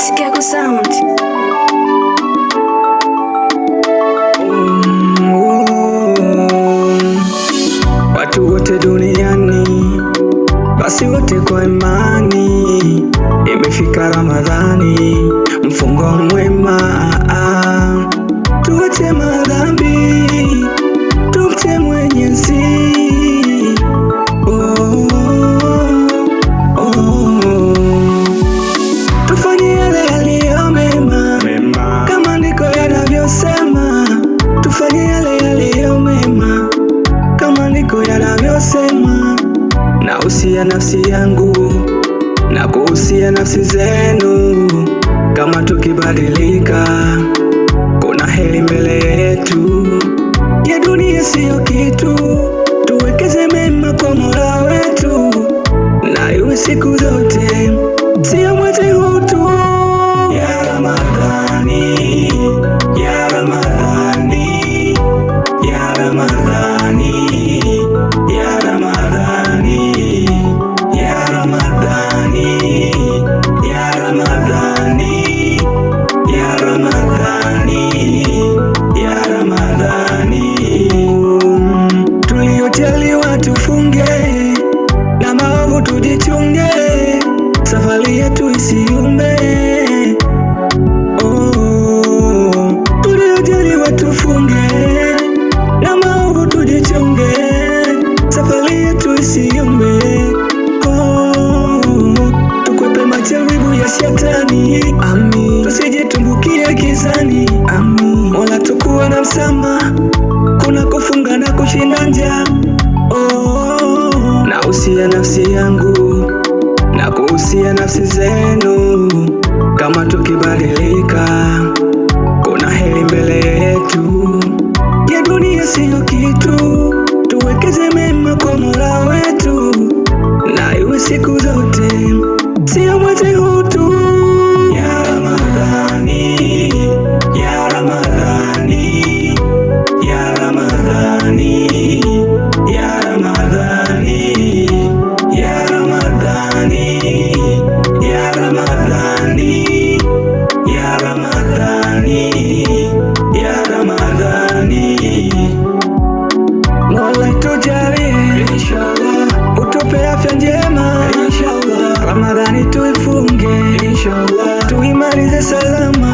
Chicago Sound. Mm-hmm. Watu wote duniani, basi wote kwa imani, imefika Ramadhani, mfungo mwema, ah, ah. tuache madhambi anavyosema, nausia nafsi yangu na kuhusia nafsi zenu, kama tukibadilika, kuna heri mbele yetu. kuvuka kuna kufunga na kushinda njaa oh. Na usia nafsi yangu na kuhusia nafsi zenu, kama tukibadilika, kuna heri mbele yetu ya dunia siyoki Ramadhani, ya Ramadhani, ya Ramadhani. Mola tujalie, inshallah, utupe afya njema, inshallah. Ramadhani tuifunge, inshallah, tuimalize salama